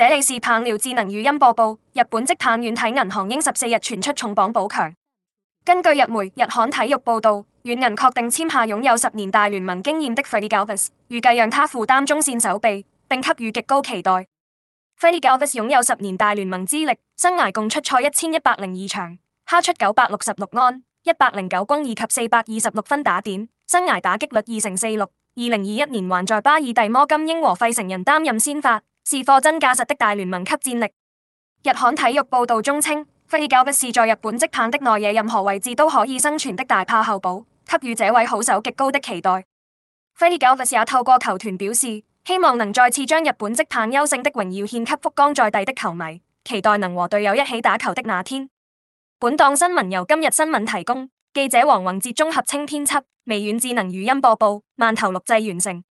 這裏是棒料智能語音播報。日本職棒軟體銀行鷹十四日傳出重磅補強。根據日媒《日刊體育》報道，軟銀確定簽下擁有十年大聯盟經驗的 Freddy Galvis，預計讓他負擔中線守備，並給予極高期待。Freddy Galvis 擁有十年大聯盟資歷，生涯共出賽一千一百零二場，敲出九百六十六安、一百零九轟以及四百二十六分打點，生涯打擊率二成四六。二零二一年還在巴爾蒂摩金鶯和費城人擔任先發。是貨真價實的大聯盟級戰力。日刊體育報道中稱，菲爾賈弗是在日本職棒的內野任何位置都可以生存的大炮后補，給予這位好手極高的期待。費爾賈弗也透過球團表示，希望能再次將日本職棒優勝的榮耀獻給福岡在地的球迷，期待能和隊友一起打球的那天。本檔新聞由今日新聞提供，記者王宏哲綜合清編輯，微軟智能語音播報，慢頭錄製完成。